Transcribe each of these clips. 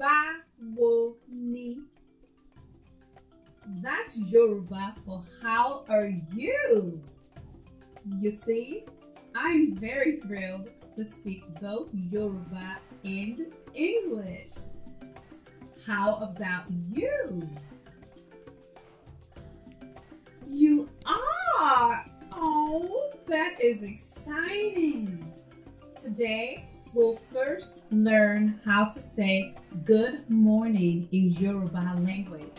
Báwo ni. That's Yoruba for how are you? You see, I'm very thrilled to speak both Yoruba and English. How about you? You are! Oh, that is exciting! Today, will first learn how to say good morning in Yoruba language.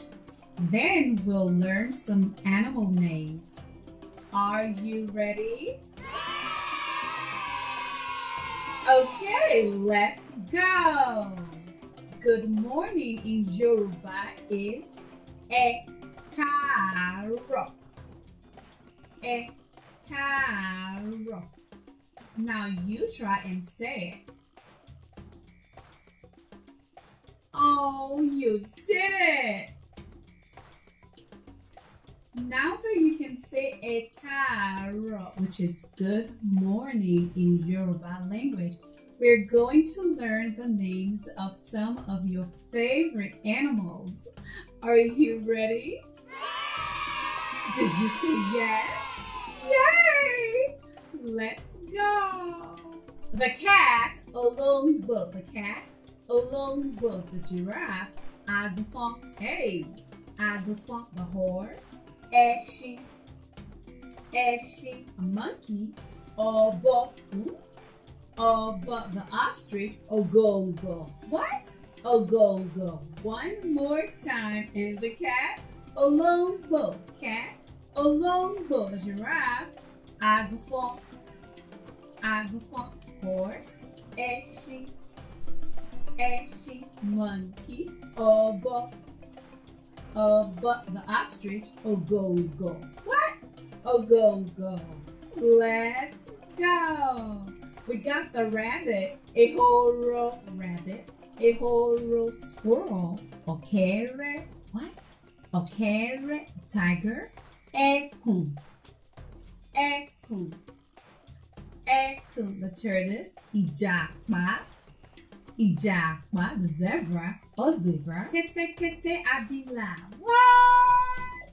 Then we'll learn some animal names. Are you ready? Okay, let's go. Good morning in Yoruba is e karo. E karo. Now you try and say it. Oh, you did it! Now that you can say a caro, which is good morning in Yoruba language, we're going to learn the names of some of your favorite animals. Are you ready? Did you say yes? Yay! Let's the cat alone, with the cat alone, with the giraffe I the fun hey are the fun the horse ẹṣin ẹṣin a monkey A ọ̀bọ the ostrich ògòǹgò what ògòǹgò one more time and the cat olóńgbò cat olóńgbò the giraffe I àgùnfọ̀n Agro horse, eshi, eshi, monkey, obo, obo, the ostrich, ogo, go. What? Ogo, go. Let's go. We got the rabbit, a horo rabbit, a horo squirrel, a carrot, what? A carrot, tiger, a Saturnus, Ijapa, Ijapa, the zebra, or zebra, Kete Kete Abila. What?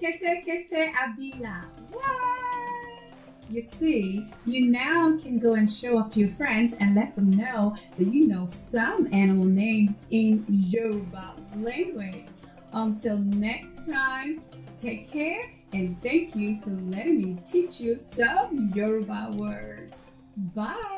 Kete Kete Abila. What? You see, you now can go and show off to your friends and let them know that you know some animal names in Yoruba language. Until next time, take care and thank you for letting me teach you some Yoruba words. Bye.